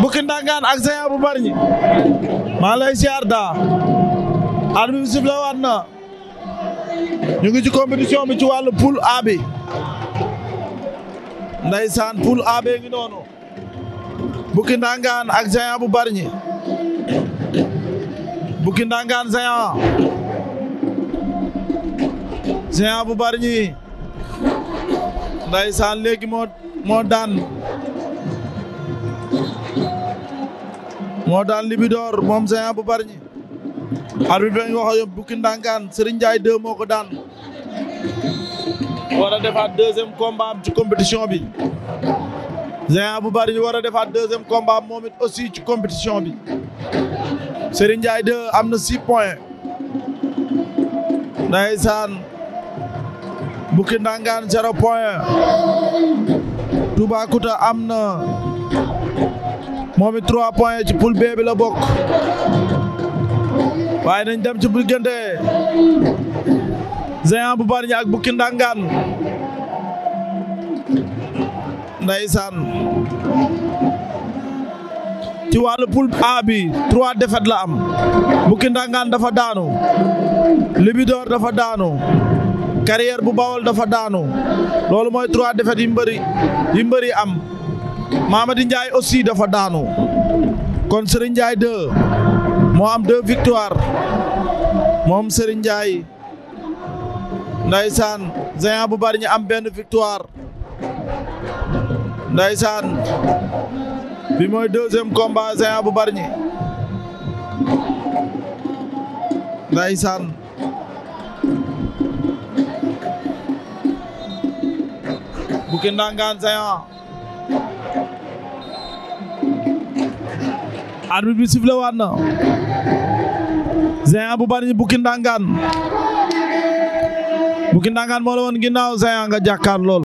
Bouki Ndangaan ak Géant bu Bargny maa lay daa arbitre bi sifflé waat ñu ngi ci compétition bi ci wàllu poule A bi ndaysaan poule ngi noonu Bouki ak Géant bu Bargny Bouki Ndangaan Géant bu Bargny ndaysaan léegi moo moo daan moo daan Libidor moom Géant bu Bargny arbitre bi ñu wax ak bukki ndànkaan Serigne Ndiaye moo ko daan war defaat deuxième combat am ci compétition bi Géant bu Bargny war a defaat deuxième combat am moom it aussi ci compétition bi Serigne Ndiaye 2 am na six points ndaysaan bukki ndànkaan zéro point Toubacouta am na moom it 3 point ci poule B bi la bokk waaye nañ dem ci diggante Géant bu Bargny ak Bukki Ndangaan ndeysaan ci wàllu poule A bi 3 défaites la am Bukki Ndangaan dafa daanu Libidor dafa daanu carrière bu Bawol dafa daanu loolu mooy 3 défaites yi mbëri yi mbëri am di Ndiaye aussi dafa daanu kon Serigne Ndiaye 2 moo am 2 victoire moom Serigne Ndiaye ndaysaan Géant bu bari ñu am benn victoire ndaysaan bi mooy deuxième combat Géant bu bari ñi ndaysaan Bouki Ndangaan arbitre bi sifflé waat na Géant bu bari bukki ndangaan bukki ndangaan moo la woon ginnaaw Géant nga jàkkaar lool